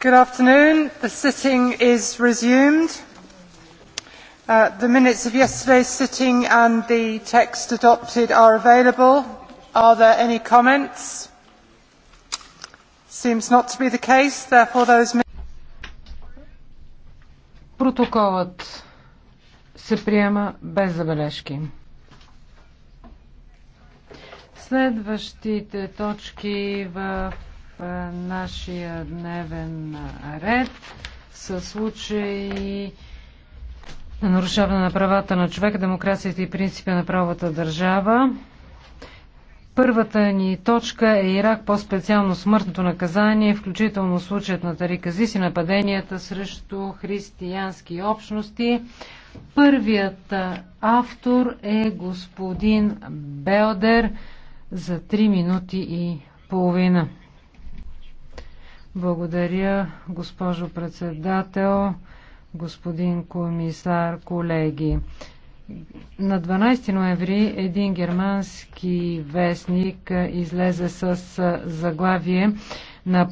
Good afternoon. The sitting is resumed. Uh, the minutes of yesterday's sitting and the text adopted are available. Are there any comments? Seems not to be the case. Therefore, those Протоколът се приема без забележки. Следващите точки в е, нашия дневен ред са случаи на нарушаване на правата на човека, демокрацията и принципа на правата държава. Първата ни точка е Ирак, по-специално смъртното наказание, включително случаят на Тариказис и нападенията срещу християнски общности. Първият автор е господин Белдер за 3 минути и половина. Благодаря, госпожо председател, господин комисар, колеги на 12 ноември един германски вестник излезе с заглавие на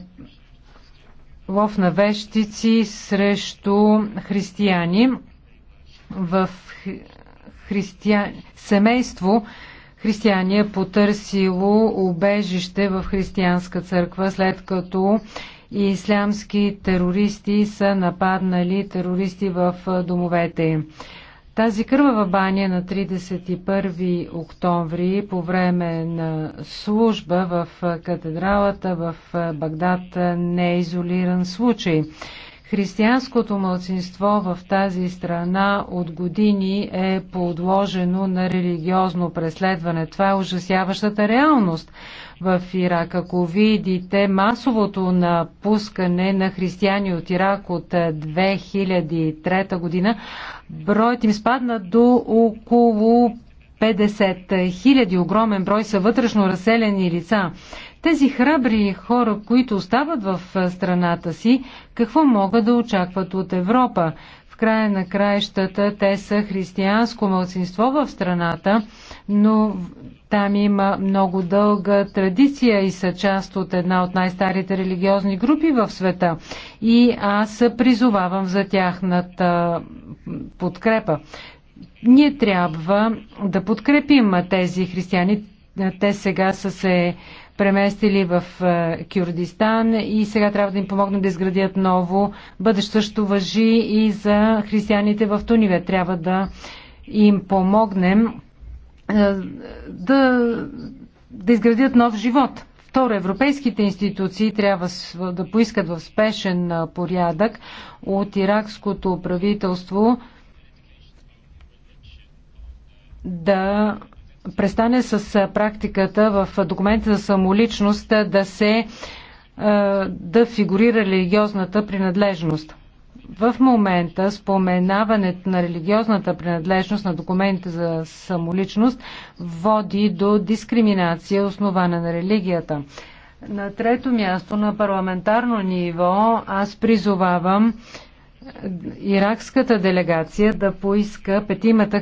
лов на вещици срещу християни в христия... семейство християни е потърсило убежище в християнска църква, след като ислямски терористи са нападнали терористи в домовете им. Тази кървава баня на 31 октомври по време на служба в катедралата в Багдад не е изолиран случай. Християнското мълцинство в тази страна от години е подложено на религиозно преследване. Това е ужасяващата реалност в Ирак. Ако видите масовото напускане на християни от Ирак от 2003 е, година, броят им спадна до около 50 хиляди. Огромен брой са вътрешно разселени лица. Тези храбри хора, които остават в е, страната си, какво могат да очакват от Европа? В края на краищата те са християнско мълцинство в страната, но там има много дълга традиция и са част от една от най-старите религиозни групи в света. И аз призовавам за тяхната подкрепа. Ние трябва да подкрепим тези християни. Те сега са се преместили в е, Кюрдистан и сега трябва да им помогнат да изградят ново бъдеще. Също въжи и за християните в Туниве. Трябва да им помогнем е, да, да изградят нов живот. Второ, европейските институции трябва да поискат в спешен е, порядък от иракското правителство да престане с практиката в документите за самоличност да се да фигурира религиозната принадлежност. В момента споменаването на религиозната принадлежност на документите за самоличност води до дискриминация, основана на религията. На трето място, на парламентарно ниво, аз призовавам иракската делегация да поиска петимата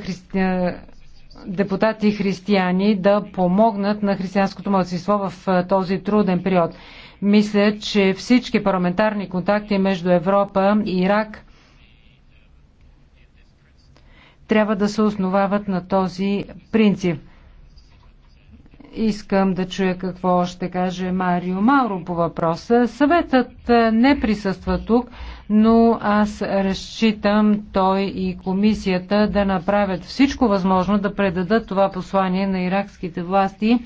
депутати християни да помогнат на християнското младсинство в този труден период. Мисля, че всички парламентарни контакти между Европа и Ирак трябва да се основават на този принцип. Искам да чуя какво ще каже Марио Мауро по въпроса. Съветът не присъства тук но аз разчитам той и комисията да направят всичко възможно да предадат това послание на иракските власти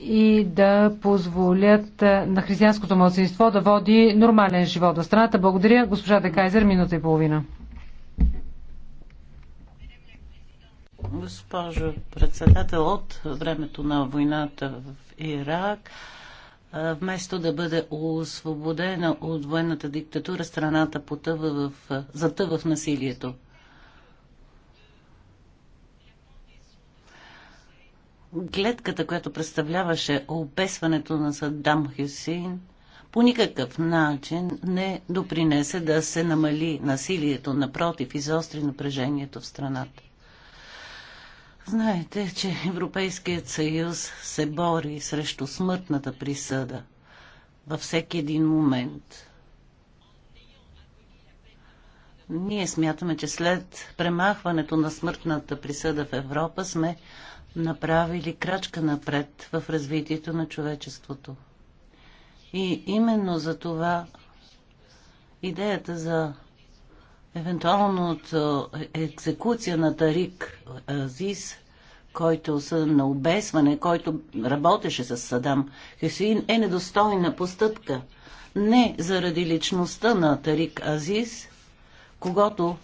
и да позволят на християнското младсинство да води нормален живот в страната. Благодаря, госпожа Декайзер, минута и половина. Госпожо председател, от времето на войната в Ирак вместо да бъде освободена от военната диктатура, страната потъва в, затъва в насилието. Гледката, която представляваше обесването на Саддам Хюсин, по никакъв начин не допринесе да се намали насилието, напротив, изостри напрежението в страната. Знаете, че Европейският съюз се бори срещу смъртната присъда във всеки един момент. Ние смятаме, че след премахването на смъртната присъда в Европа сме направили крачка напред в развитието на човечеството. И именно за това идеята за евентуалното е, екзекуция на Тарик Азис, който са на обесване, който работеше с Садам Хюсеин, е недостойна постъпка. Не заради личността на Тарик Азис, когато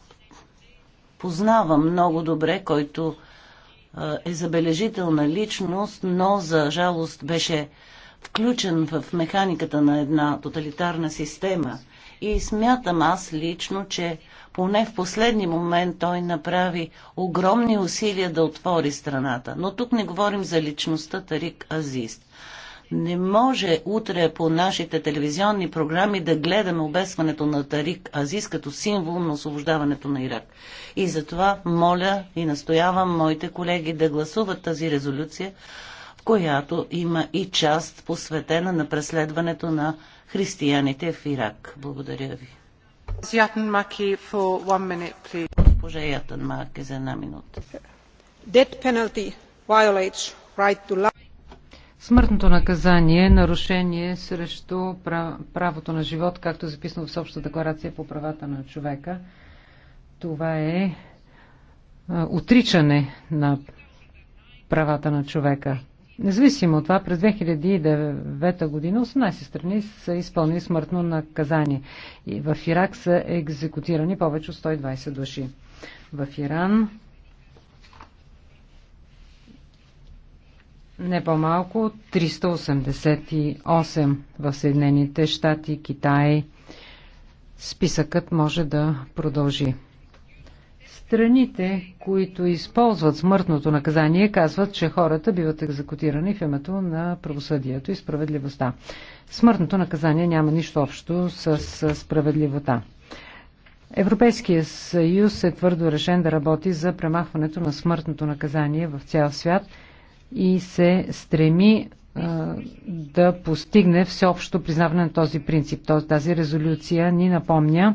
познавам много добре, който е, е забележителна личност, но за жалост беше включен в механиката на една тоталитарна система. И смятам аз лично, че поне в последни момент той направи огромни усилия да отвори страната. Но тук не говорим за личността Тарик Азист. Не може утре по нашите телевизионни програми да гледаме обесването на Тарик Азиз като символ на освобождаването на Ирак. И затова моля и настоявам моите колеги да гласуват тази резолюция, в която има и част посветена на преследването на християните в Ирак. Благодаря ви. Госпожа Ятанмаки за една минута. Смъртното наказание е нарушение срещу правото на живот, както е записано в Съобщата декларация по правата на човека. Това е отричане на правата на човека. Независимо от това, през 2009 година 18 страни са изпълнили смъртно наказание. И в Ирак са екзекутирани повече от 120 души. В Иран не по-малко 388 в Съединените щати, Китай. Списъкът може да продължи. Страните, които използват смъртното наказание, казват, че хората биват екзекутирани в името на правосъдието и справедливостта. Смъртното наказание няма нищо общо с справедливостта. Европейския съюз е твърдо решен да работи за премахването на смъртното наказание в цял свят и се стреми да постигне всеобщо признаване на този принцип. Тази резолюция ни напомня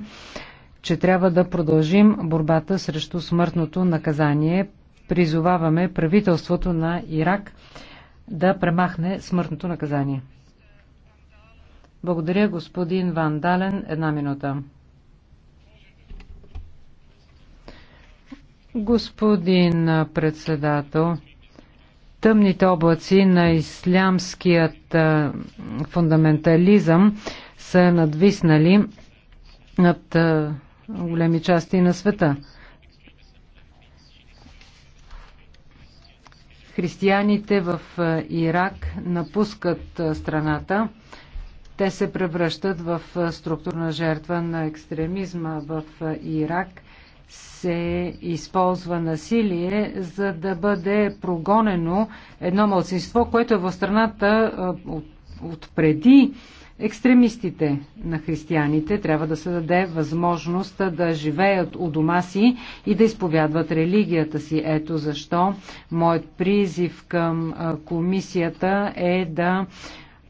че трябва да продължим борбата срещу смъртното наказание. Призоваваме правителството на Ирак да премахне смъртното наказание. Благодаря, господин Ван Дален. Една минута. Господин председател, тъмните облаци на ислямският фундаментализъм са надвиснали над големи части на света. Християните в Ирак напускат страната. Те се превръщат в структурна жертва на екстремизма в Ирак. Се използва насилие, за да бъде прогонено едно мълцинство, което е в страната от преди екстремистите на християните. Трябва да се даде възможност да живеят у дома си и да изповядват религията си. Ето защо моят призив към комисията е да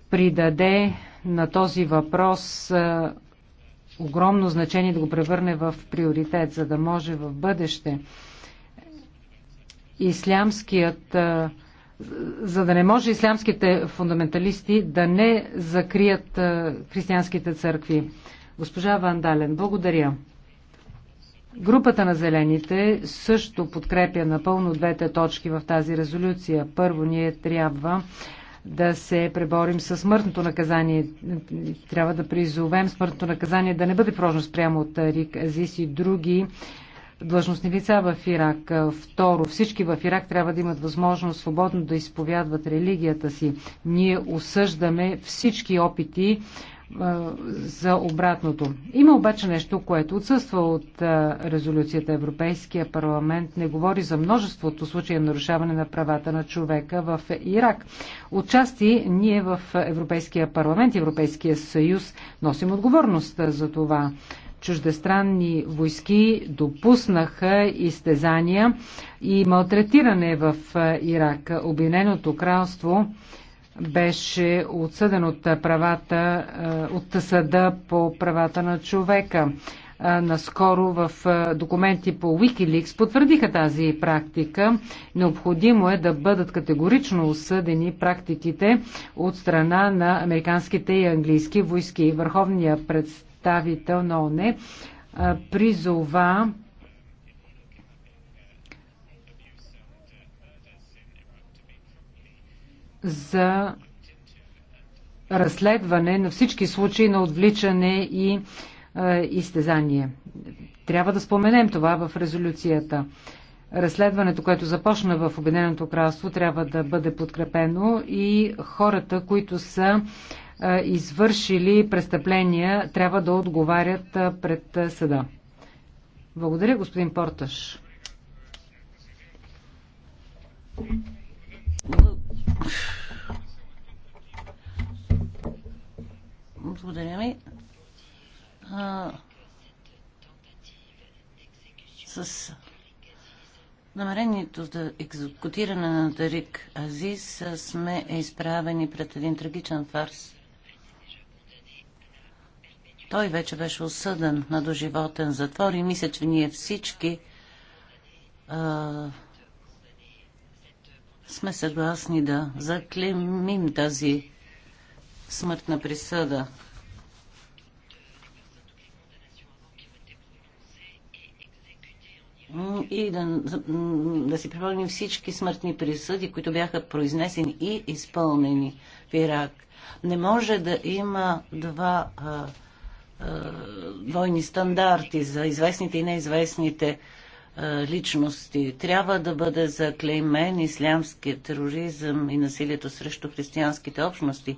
придаде на този въпрос огромно значение да го превърне в приоритет, за да може в бъдеще ислямският за да не може ислямските фундаменталисти да не закрият християнските църкви. Госпожа Вандален, благодаря. Групата на зелените също подкрепя напълно двете точки в тази резолюция. Първо, ние трябва да се преборим с смъртното наказание. Трябва да призовем смъртното наказание да не бъде прожно спрямо от Рик Азис и други длъжностни лица в Ирак. Е, второ, всички в Ирак трябва да имат възможност свободно да изповядват религията си. Ние осъждаме всички опити е, за обратното. Има обаче нещо, което отсъства от е, резолюцията. Европейския парламент не говори за множеството случаи на нарушаване на правата на човека в Ирак. Отчасти ние в Европейския парламент, Европейския съюз носим отговорност за това чуждестранни войски допуснаха изтезания и малтретиране в Ирак. Обединеното кралство беше отсъден от правата, от съда по правата на човека. Наскоро в документи по Wikileaks потвърдиха тази практика. Необходимо е да бъдат категорично осъдени практиките от страна на американските и английски войски. Върховният представител представител на ОНЕ призова за разследване на всички случаи на отвличане и е, изтезание. Трябва да споменем това в резолюцията. Разследването, което започна в Обединеното кралство, трябва да бъде подкрепено и хората, които са извършили престъпления, трябва да отговарят пред съда. Благодаря, господин Порташ. Благодаря ми. А, с намерението за екзекутиране на Дарик Азис сме изправени пред един трагичен фарс. Той вече беше осъден на доживотен затвор и мисля, че ние всички а, сме съгласни да заклемим тази смъртна присъда. И да, да си припомним всички смъртни присъди, които бяха произнесени и изпълнени в Ирак. Не може да има два а, двойни е, стандарти за известните и неизвестните е, личности. Трябва да бъде заклеймен ислямският тероризъм и насилието срещу християнските общности.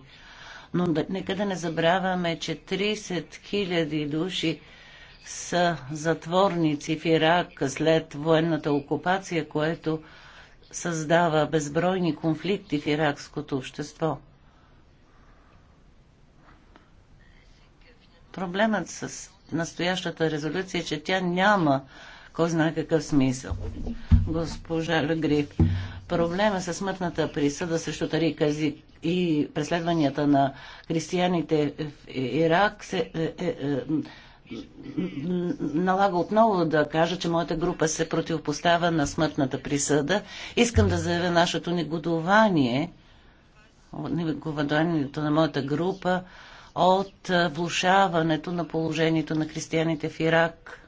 Но да, нека да не забравяме, че 30 000 души са затворници в Ирак след военната окупация, което създава безбройни конфликти в иракското общество. Проблемът с настоящата резолюция е, че тя няма кой знае какъв смисъл. Госпожа Легриф, проблема с смъртната присъда срещу Тарика и преследванията на християните в Ирак се, е, е, е, налага отново да кажа, че моята група се противопоставя на смъртната присъда. Искам да заявя нашето негодование, негодованието на моята група от влушаването на положението на християните в Ирак.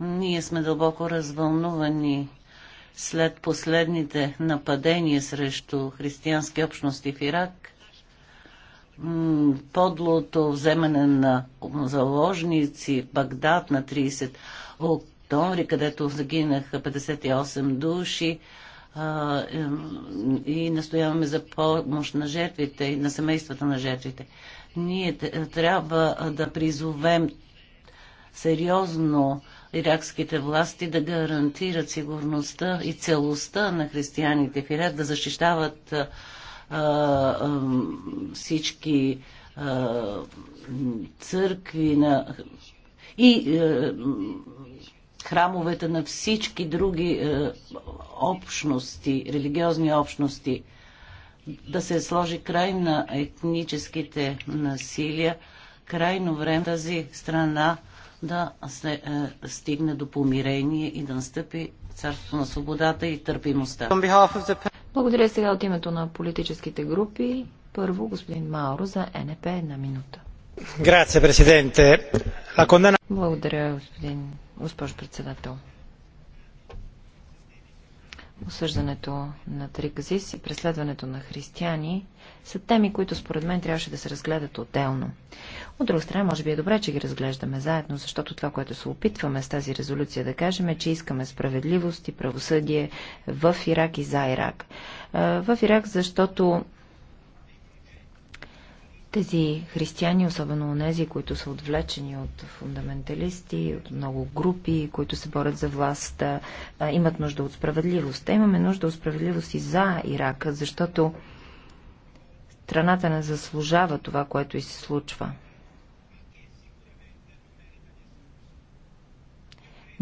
Ние сме дълбоко развълнувани след последните нападения срещу християнски общности в Ирак. Подлото вземане на заложници в Багдад на 30 октомври, където загинаха 58 души, а, и настояваме за помощ на жертвите и на семействата на жертвите. Ние трябва да призовем сериозно иракските власти да гарантират сигурността и целостта на християните в Ирак, да защищават а, а, всички а, църкви на, и а, е, храмовете на всички други а, е, общности, религиозни общности, да се сложи край на етническите насилия, крайно време тази страна да се, е, стигне до помирение и да настъпи царството на свободата и търпимостта. Благодаря сега от името на политическите групи. Първо господин Мауро за НП една минута. Благодаря, господин, госпожо председател осъждането на Тригазис и преследването на християни са теми, които според мен трябваше да се разгледат отделно. От друга страна, може би е добре, че ги разглеждаме заедно, защото това, което се опитваме с тази резолюция да кажем е, че искаме справедливост и правосъдие в Ирак и за Ирак. В Ирак, защото тези християни, особено онези, които са отвлечени от фундаменталисти, от много групи, които се борят за власт, имат нужда от справедливост. Те имаме нужда от справедливост и за Ирака, защото страната не заслужава това, което и се случва.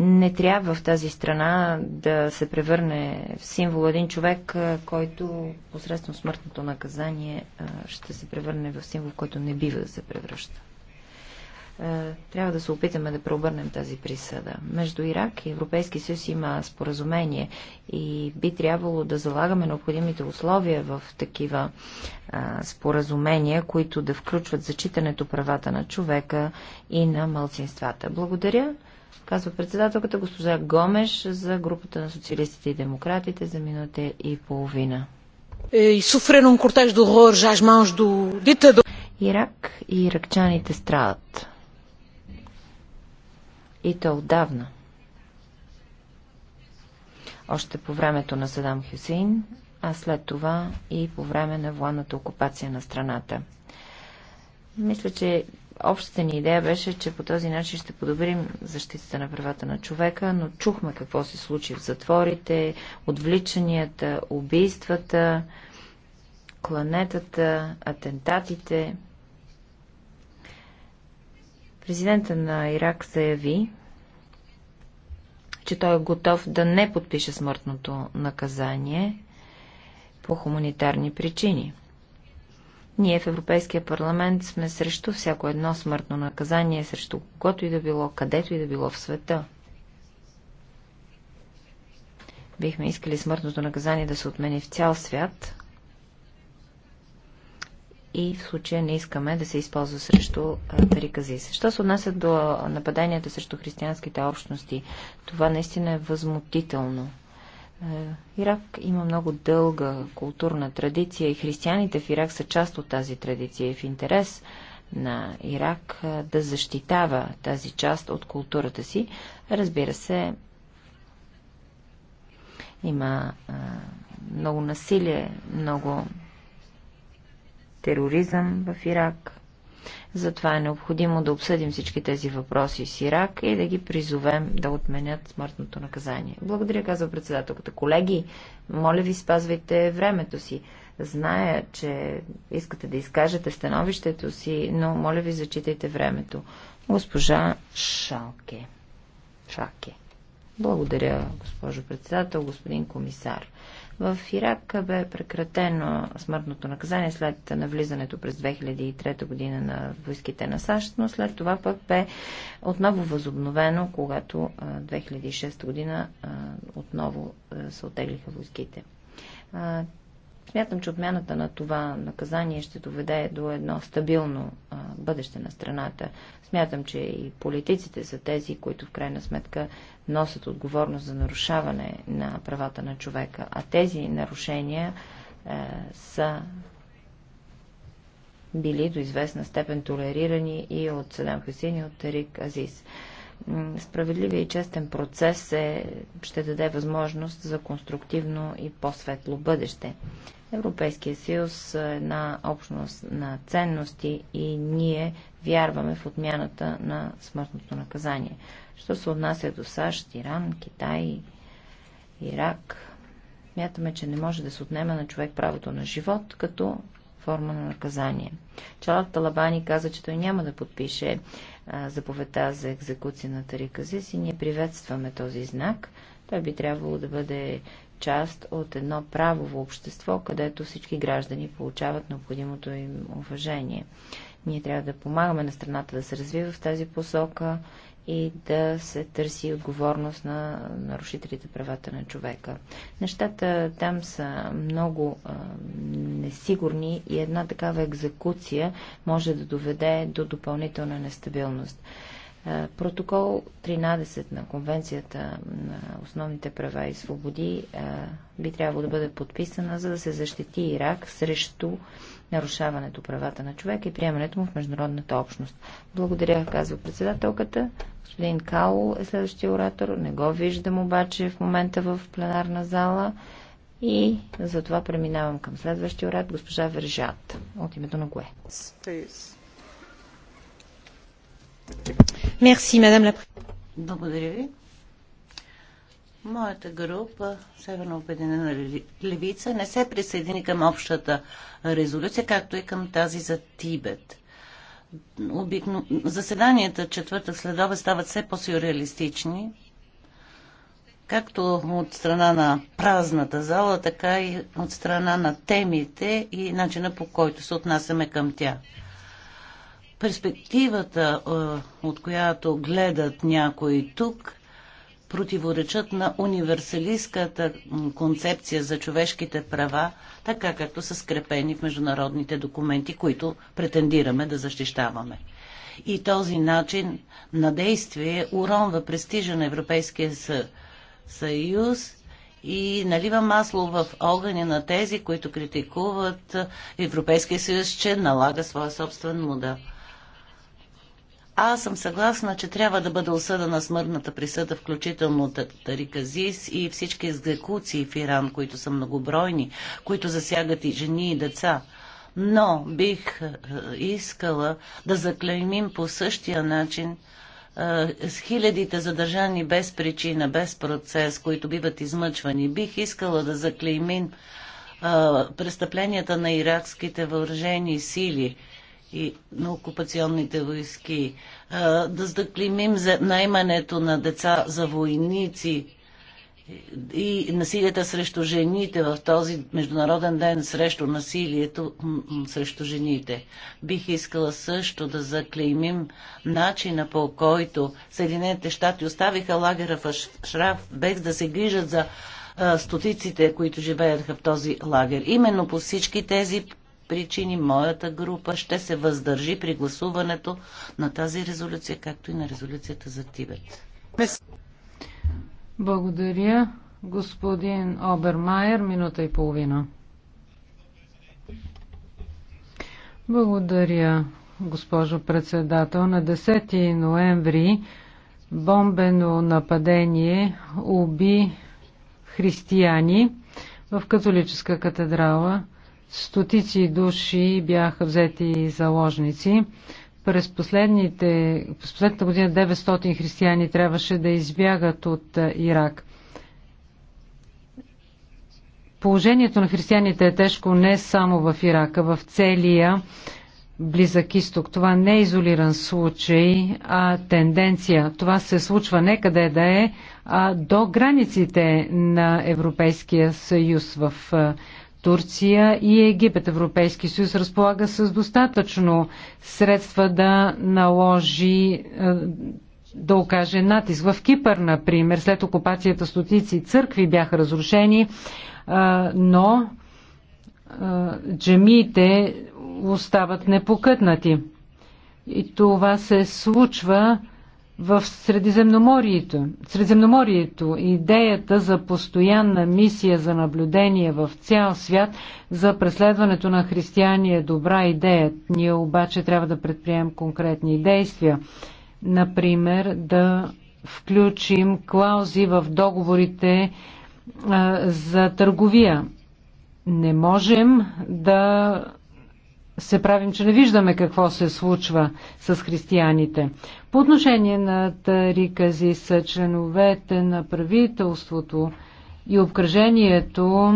не трябва в тази страна да се превърне в символ един човек, който посредством смъртното наказание ще се превърне в символ, който не бива да се превръща. Трябва да се опитаме да преобърнем тази присъда. Между Ирак и Европейски съюз има споразумение и би трябвало да залагаме необходимите условия в такива споразумения, които да включват зачитането правата на човека и на малцинствата. Благодаря казва председателката госпожа Гомеш за групата на социалистите и демократите за минута и половина. Е, и кортеж до хор, до дита Ирак и иракчаните страдат. И то отдавна. Още по времето на Садам Хюсейн, а след това и по време на военната окупация на страната. Мисля, че Общата ни идея беше, че по този начин ще подобрим защитата на правата на човека, но чухме какво се случи в затворите, отвличанията, убийствата, кланетата, атентатите. Президента на Ирак заяви, че той е готов да не подпише смъртното наказание по хуманитарни причини. Ние в Европейския парламент сме срещу всяко едно смъртно наказание, срещу когото и да било, където и да било в света. Бихме искали смъртното наказание да се отмени в цял свят и в случая не искаме да се използва срещу Тариказис. Що се отнася до нападенията срещу християнските общности, това наистина е възмутително. Е, Ирак има много дълга културна традиция и християните в Ирак са част от тази традиция и в интерес на Ирак е, да защитава тази част от културата си. Разбира се, има е, много насилие, много тероризъм в Ирак. Затова е необходимо да обсъдим всички тези въпроси с Ирак и да ги призовем да отменят смъртното наказание. Благодаря, казва председателката. Колеги, моля ви спазвайте времето си. Зная, че искате да изкажете становището си, но моля ви зачитайте времето. Госпожа Шалке. Шалке. Благодаря, госпожо председател, господин комисар. В Ирак бе прекратено смъртното наказание след навлизането през 2003 година на войските на САЩ, но след това пък бе отново възобновено, когато 2006 година отново се отеглиха войските. Смятам, че отмяната на това наказание ще доведе до едно стабилно а, бъдеще на страната. Смятам, че и политиците са тези, които в крайна сметка носят отговорност за нарушаване на правата на човека. А тези нарушения а, е, са били до известна степен толерирани и от Седам Хасин и от Тарик Азис. Справедливия и честен процес е, ще даде възможност за конструктивно и по-светло бъдеще. Европейския съюз е една общност на ценности и ние вярваме в отмяната на смъртното наказание. Що се отнася до САЩ, Иран, Китай, Ирак, мятаме, че не може да се отнема на човек правото на живот като форма на наказание. Чалат Талабани каза, че той няма да подпише заповедта за екзекуция на Тариказис и ние приветстваме този знак. Той би трябвало да бъде част от едно правово общество, където всички граждани получават необходимото им уважение. Ние трябва да помагаме на страната да се развива в тази посока и да се търси отговорност на нарушителите правата на човека. Нещата там са много а, несигурни и една такава екзекуция може да доведе до допълнителна нестабилност. Протокол 13 на Конвенцията на основните права и свободи би трябвало да бъде подписана, за да се защити Ирак срещу нарушаването правата на човека и приемането му в международната общност. Благодаря, казва председателката. Господин Као е следващия оратор. Не го виждам обаче в момента в пленарна зала. И затова преминавам към следващия оратор, госпожа Вержат, от името на ГОЕ. Мерси, мадам Благодаря ви. Моята група, Северно обединена левица, не се присъедини към общата резолюция, както и към тази за Тибет. Обикно... Заседанията четвъртък следове стават все по-сюрреалистични, както от страна на празната зала, така и от страна на темите и начина по който се отнасяме към тях. Перспективата, е, от която гледат някои тук, противоречат на универсалистката концепция за човешките права, така както са скрепени в международните документи, които претендираме да защищаваме. И този начин на действие уронва престижа на Европейския съюз и налива масло в огъня на тези, които критикуват Европейския съюз, че налага своя собствен модел. Аз съм съгласна, че трябва да бъде осъдена смъртната присъда, включително Тариказис и всички екзекуции в Иран, които са многобройни, които засягат и жени и деца. Но бих е, искала да заклеймим по същия начин е, с хилядите задържани без причина, без процес, които биват измъчвани. Бих искала да заклеймим е, престъпленията на иракските въоръжени сили – и на окупационните войски, да заклимим за наймането на деца за войници и насилията срещу жените в този Международен ден срещу насилието срещу жените. Бих искала също да заклеймим начина по който Съединените щати оставиха лагера в Шраф без да се грижат за стотиците, които живееха в този лагер. Именно по всички тези причини моята група ще се въздържи при гласуването на тази резолюция, както и на резолюцията за Тибет. Благодаря. Господин Обермайер, минута и половина. Благодаря, госпожо председател. На 10 ноември бомбено нападение уби християни в католическа катедрала Стотици души бяха взети заложници. През, последните, през последната година 900 християни трябваше да избягат от Ирак. Положението на християните е тежко не само в Ирака, в целия Близък изток. Това не е изолиран случай, а тенденция. Това се случва не къде да е, а до границите на Европейския съюз в Турция и Египет. Европейски съюз разполага с достатъчно средства да наложи е, да окаже натиск. В Кипър, например, след окупацията стотици църкви бяха разрушени, е, но е, джамиите остават непокътнати. И това се случва в Средиземноморието. Средиземноморието идеята за постоянна мисия за наблюдение в цял свят за преследването на християни е добра идея. Ние обаче трябва да предприемем конкретни действия. Например, да включим клаузи в договорите а, за търговия. Не можем да се правим, че не виждаме какво се случва с християните. По отношение на Тарикази с членовете на правителството и обкръжението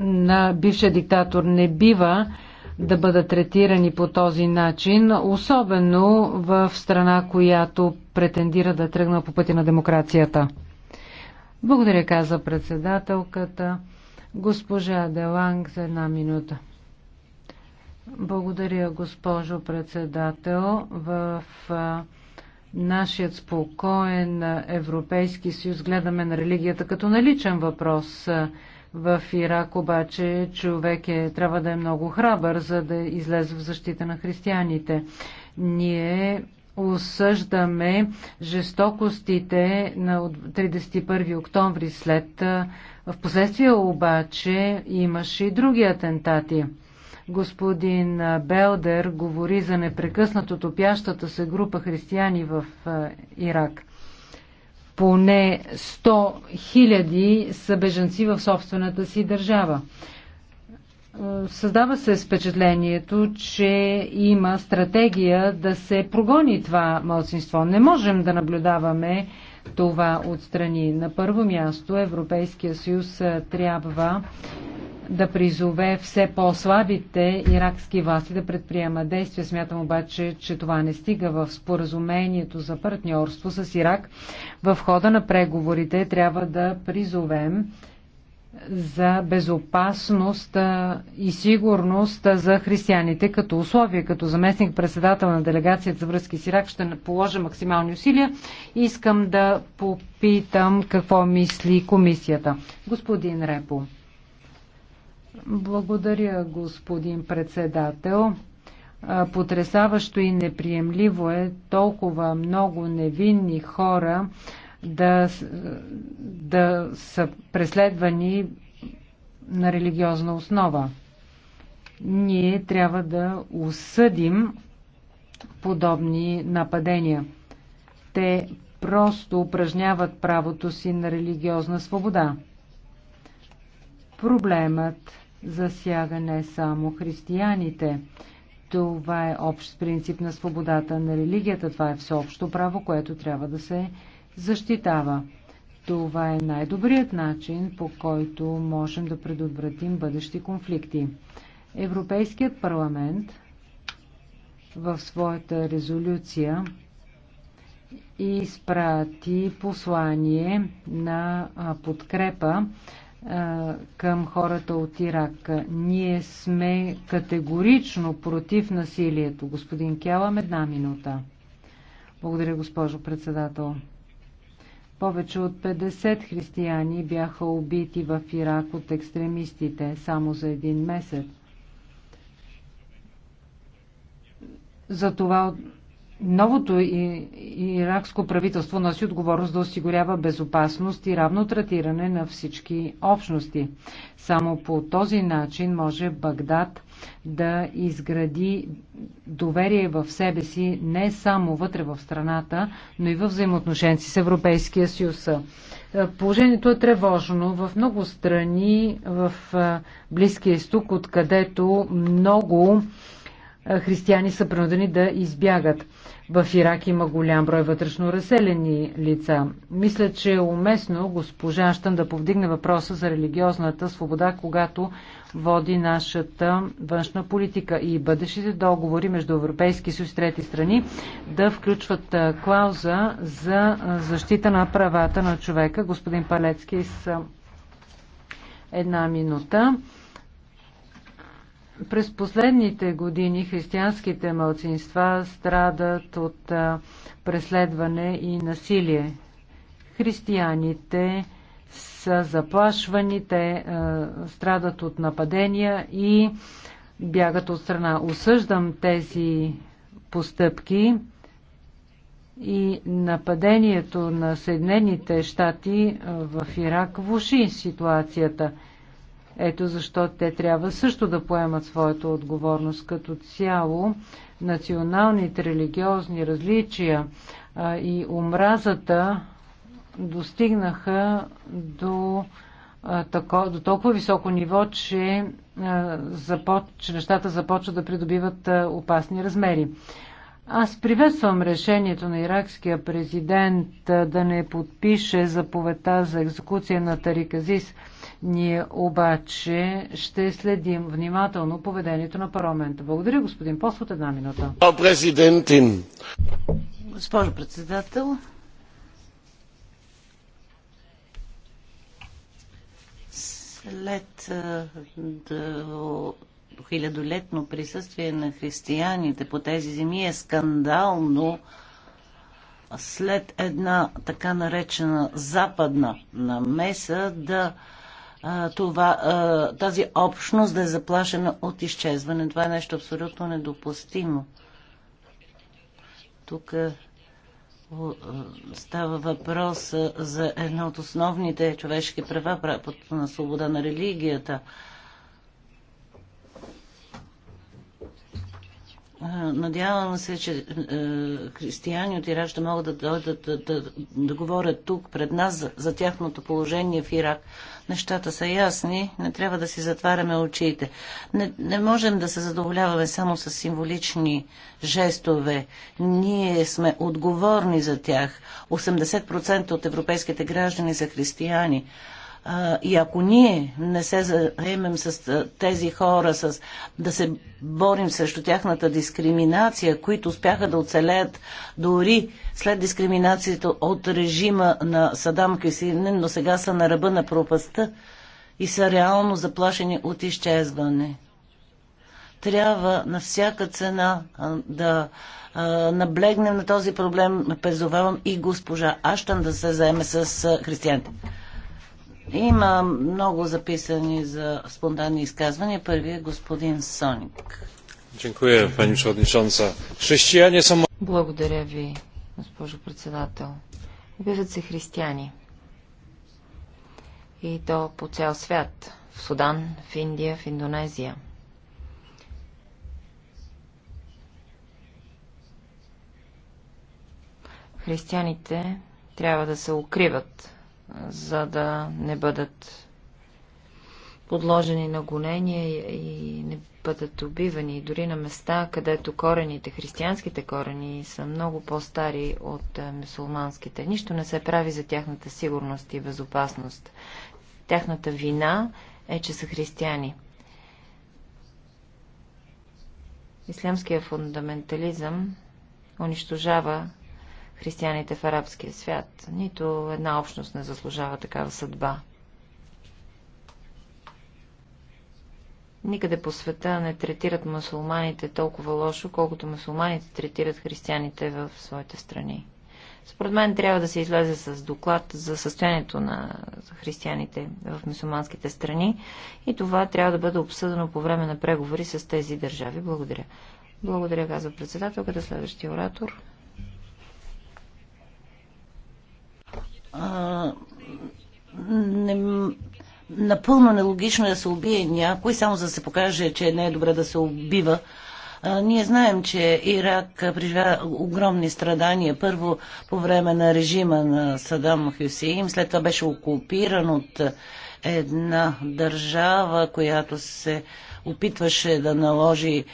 на бившия диктатор не бива да бъдат третирани по този начин, особено в страна, която претендира да тръгна по пътя на демокрацията. Благодаря, каза председателката. Госпожа Деланг за една минута. Благодаря, госпожо председател. В нашият спокоен Европейски съюз гледаме на религията като наличен въпрос. В Ирак обаче човек е, трябва да е много храбър, за да излезе в защита на християните. Ние осъждаме жестокостите на 31 октомври след. В последствие обаче имаше и други атентати. Господин Белдер говори за непрекъснато топящата се група християни в Ирак. Поне 100 хиляди са бежанци в собствената си държава. Създава се впечатлението, че има стратегия да се прогони това младсинство. Не можем да наблюдаваме това отстрани. На първо място Европейския съюз трябва да призове все по-слабите иракски власти да предприема действия. Смятам обаче, че това не стига в споразумението за партньорство с Ирак. В хода на преговорите трябва да призовем за безопасност и сигурност за християните като условие. Като заместник председател на делегацията за връзки с Ирак ще положа максимални усилия. Искам да попитам какво мисли комисията. Господин Репо. Благодаря, господин председател. Потресаващо и неприемливо е толкова много невинни хора да, да са преследвани на религиозна основа. Ние трябва да осъдим подобни нападения. Те просто упражняват правото си на религиозна свобода. Проблемът засяга не само християните. Това е общ принцип на свободата на религията. Това е всеобщо право, което трябва да се защитава. Това е най-добрият начин, по който можем да предотвратим бъдещи конфликти. Европейският парламент в своята резолюция изпрати послание на подкрепа към хората от Ирак. Ние сме категорично против насилието. Господин Келам, една минута. Благодаря, госпожо председател. Повече от 50 християни бяха убити в Ирак от екстремистите само за един месец. Затова Новото иракско правителство носи отговорност да осигурява безопасност и равно тратиране на всички общности. Само по този начин може Багдад да изгради доверие в себе си не само вътре в страната, но и в взаимоотношенци с Европейския съюз. Положението е тревожно в много страни в Близкия изток, откъдето много християни са принудени да избягат. В Ирак има голям брой вътрешно разселени лица. Мисля, че е уместно госпожа Аштън да повдигне въпроса за религиозната свобода, когато води нашата външна политика и бъдещите договори между Европейски съюз и трети страни да включват клауза за защита на правата на човека. Господин Палецки с една минута. През последните години християнските мълцинства страдат от преследване и насилие. Християните са заплашвани, те страдат от нападения и бягат от страна. Осъждам тези постъпки и нападението на Съединените щати в Ирак влуши ситуацията – ето защо те трябва също да поемат своята отговорност като цяло. Националните религиозни различия а, и омразата достигнаха до, а, тако, до толкова високо ниво, че, а, започ, че нещата започват да придобиват а, опасни размери. Аз приветствам решението на иракския президент да не подпише заповедта за екзекуция на Тариказис. Азис ние обаче ще следим внимателно поведението на парламента. Благодаря, господин Пост, от една минута. Госпожо председател, след хилядолетно присъствие на християните по тези земи е скандално след една така наречена западна намеса да това, тази общност да е заплашена от изчезване. Това е нещо абсолютно недопустимо. Тук става въпрос за една от основните човешки права, правото на свобода на религията – Надявам се, че е, християни от Ирак ще могат да дойдат да, да, да говорят тук пред нас за, за тяхното положение в Ирак. Нещата са ясни, не трябва да си затваряме очите. Не, не можем да се задоволяваме само с символични жестове. Ние сме отговорни за тях. 80% от европейските граждани са християни. А, и ако ние не се заемем с тези хора, с, да се борим срещу тяхната дискриминация, които успяха да оцелеят дори след дискриминацията от режима на Садам Кюсинен, но сега са на ръба на пропаста и са реално заплашени от изчезване трябва на всяка цена да наблегнем на този проблем. Презовавам и госпожа Аштан да се заеме с християните. Има много записани за спонтанни изказвания. Първият е господин Соник. Благодаря ви, госпожо председател. Виждат се християни. И то по цял свят. В Судан, в Индия, в Индонезия. Християните трябва да се укриват за да не бъдат подложени на гонения и не бъдат убивани. Дори на места, където корените, християнските корени са много по-стари от е, мусулманските. Нищо не се прави за тяхната сигурност и безопасност. Тяхната вина е, че са християни. Ислямския фундаментализъм унищожава християните в арабския свят. Нито една общност не заслужава такава съдба. Никъде по света не третират мусулманите толкова лошо, колкото мусулманите третират християните в своите страни. Според мен трябва да се излезе с доклад за състоянието на християните в мусулманските страни и това трябва да бъде обсъдено по време на преговори с тези държави. Благодаря. Благодаря, казва председателката. Следващия оратор. а, не, напълно нелогично е да се убие някой, само за да се покаже, че не е добре да се убива. А, ние знаем, че Ирак преживя огромни страдания. Първо по време на режима на Садам Хюсеин, след това беше окупиран от една държава, която се опитваше да наложи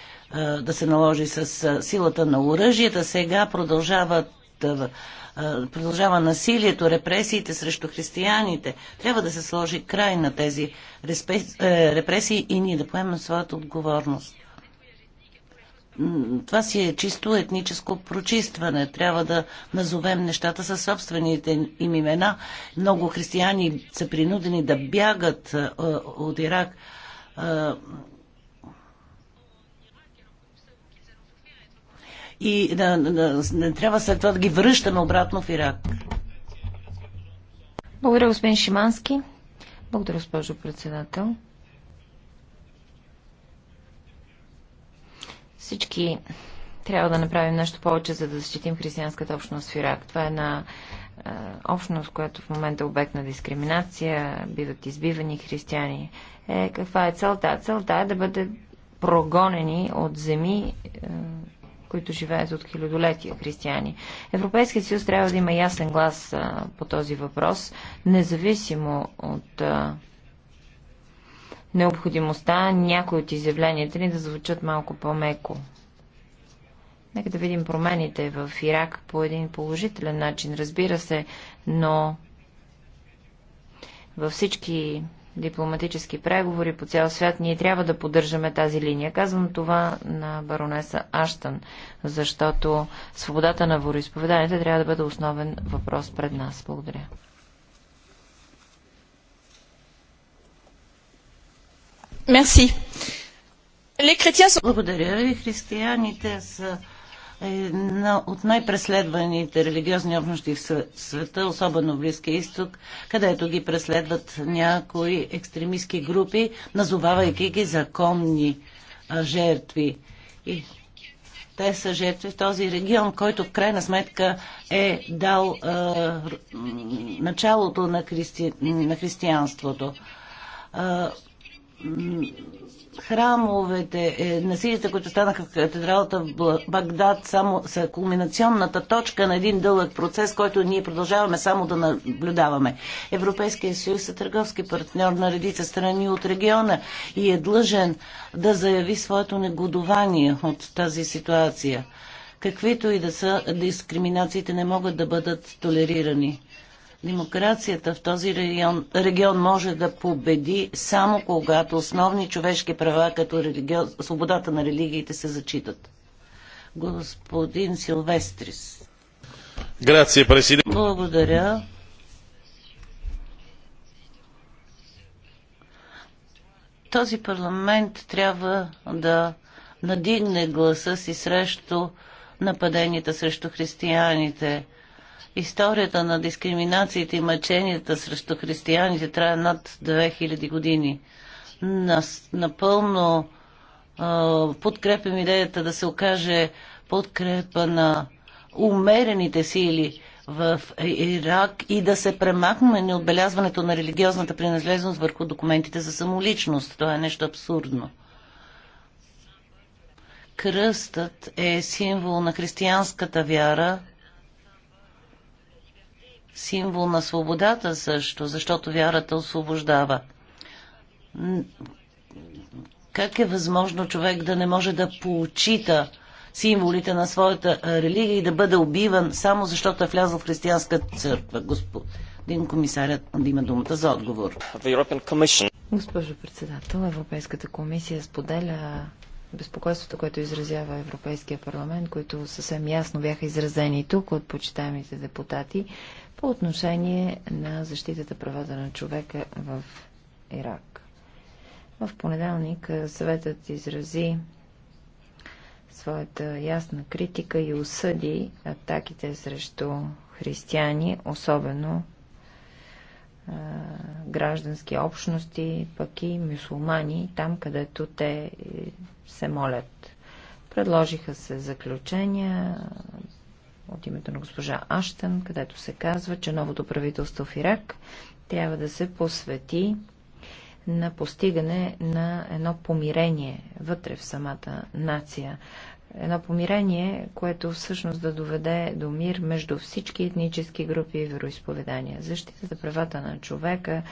да се наложи с силата на оръжията. Сега продължават продължава насилието, репресиите срещу християните. Трябва да се сложи край на тези е, репресии и ние да поемем своята отговорност. Това си е чисто етническо прочистване. Трябва да назовем нещата със собствените им имена. Много християни са принудени да бягат е, е, от Ирак и да, да, не трябва след това да ги връщаме обратно в Ирак. Благодаря, господин Шимански. Благодаря, госпожо председател. Всички трябва да направим нещо повече, за да защитим християнската общност в Ирак. Това е една общност, която в момента е обект на дискриминация, биват избивани християни. Е, каква е целта? Целта е да бъде прогонени от земи, е, които живеят от хилядолетия християни. Европейският съюз трябва да има ясен глас а, по този въпрос, независимо от а, необходимостта някои от изявленията ни да звучат малко по-меко. Нека да видим промените в Ирак по един положителен начин, разбира се, но във всички дипломатически преговори по цял свят, ние трябва да поддържаме тази линия. Казвам това на баронеса Аштън, защото свободата на вороисповеданията трябва да бъде основен въпрос пред нас. Благодаря. Мерси. Благодаря ви. Християните са една от най-преследваните религиозни общности в света, особено в Близкия изток, където ги преследват някои екстремистски групи, назовавайки ги законни жертви. И те са жертви в този регион, който в крайна сметка е дал а, началото на, христи... на християнството храмовете, е, насилията, които станаха в катедралата в Багдад, само са кулминационната точка на един дълъг процес, който ние продължаваме само да наблюдаваме. Европейския съюз е търговски партньор на редица страни от региона и е длъжен да заяви своето негодование от тази ситуация. Каквито и да са дискриминациите, не могат да бъдат толерирани. Демокрацията в този регион, регион може да победи само когато основни човешки права, като религио... свободата на религиите, се зачитат. Господин Силвестрис. Грация, президент. Благодаря. Този парламент трябва да надигне гласа си срещу нападенията срещу християните – Историята на дискриминациите и мъченията срещу християните трябва над 2000 години. Нас, напълно а, подкрепим идеята да се окаже подкрепа на умерените сили в Ирак и да се премахне неотбелязването на религиозната принадлежност върху документите за самоличност. Това е нещо абсурдно. Кръстът е символ на християнската вяра – символ на свободата също, защото вярата освобождава. Как е възможно човек да не може да поучита символите на своята религия и да бъде убиван само защото е влязъл в християнска църква? Господин комисарят да има думата за отговор. Госпожо председател, Европейската комисия споделя безпокойството, което изразява Европейския парламент, които съвсем ясно бяха изразени тук от почитаемите депутати по отношение на защитата правата на човека в Ирак. В понеделник съветът изрази своята ясна критика и осъди атаките срещу християни, особено граждански общности, пък и мюсулмани, там където те е, се молят. Предложиха се заключения, от името на госпожа Аштън, където се казва, че новото правителство в Ирак трябва да се посвети на постигане на едно помирение вътре в самата нация. Едно помирение, което всъщност да доведе до мир между всички етнически групи и вероисповедания. Защита за правата на човека,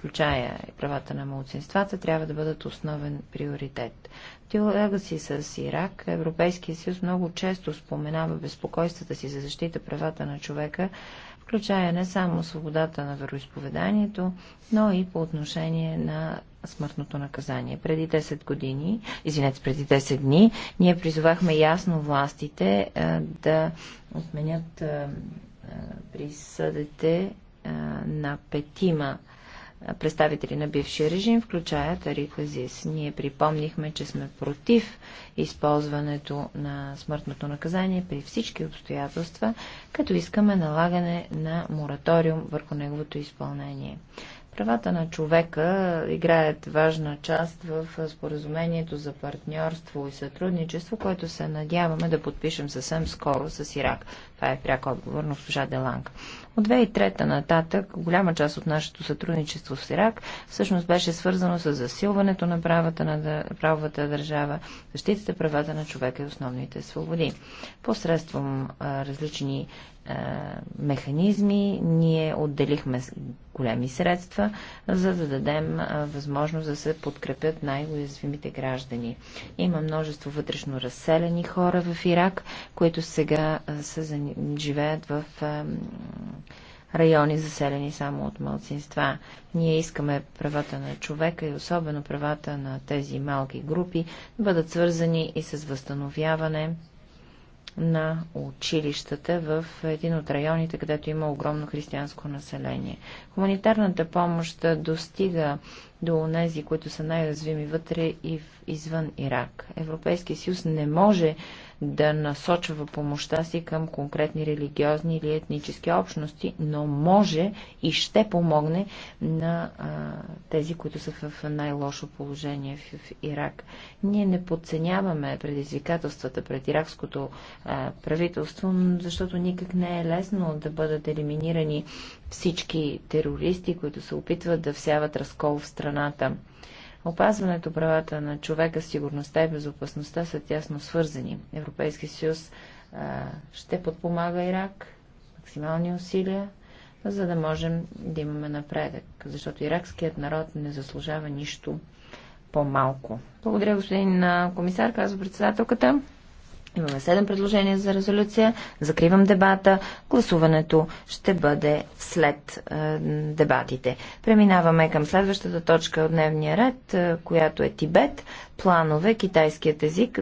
включая и правата на младсинствата, трябва да бъдат основен приоритет. Диалога си с Ирак, Европейския съюз много често споменава безпокойствата си за защита правата на човека, включая не само свободата на вероисповеданието, но и по отношение на смъртното наказание. Преди 10 години, извинете, преди 10 дни, ние призовахме ясно властите а, е, да отменят а, е, е, присъдите а, на петима представители на бившия режим, включая Тарик Азис. Ние припомнихме, че сме против използването на смъртното наказание при всички обстоятелства, като искаме налагане на мораториум върху неговото изпълнение. Правата на човека играят важна част в споразумението за партньорство и сътрудничество, което се надяваме да подпишем съвсем скоро с Ирак. Това е пряк отговор на госпожа Деланг. От 2003 нататък голяма част от нашето сътрудничество с Ирак всъщност беше свързано с засилването на правата на правовата държава, защитата правата на човека и основните свободи. Посредством а, различни е, механизми. Ние отделихме големи средства, за да дадем е, възможност да се подкрепят най-уязвимите граждани. Има множество вътрешно разселени хора в Ирак, които сега се живеят в е, райони, заселени само от малцинства. Ние искаме правата на човека и особено правата на тези малки групи да бъдат свързани и с възстановяване на училищата в един от районите, където има огромно християнско население. Хуманитарната помощ достига до онези, които са най развими вътре и извън Ирак. Европейския съюз не може да насочва помощта си към конкретни религиозни или етнически общности, но може и ще помогне на а, тези, които са в най-лошо положение в, в Ирак. Ние не подценяваме предизвикателствата пред иракското а, правителство, защото никак не е лесно да бъдат елиминирани всички терористи, които се опитват да всяват разкол в страната. Опазването правата на човека, сигурността и безопасността са тясно свързани. Европейски съюз а, ще подпомага Ирак, максимални усилия, за да можем да имаме напредък, защото иракският народ не заслужава нищо по-малко. Благодаря, господин комисар, казва председателката. Имаме 7 предложения за резолюция. Закривам дебата. Гласуването ще бъде след е, дебатите. Преминаваме към следващата точка от дневния ред, е, която е Тибет. Планове китайският език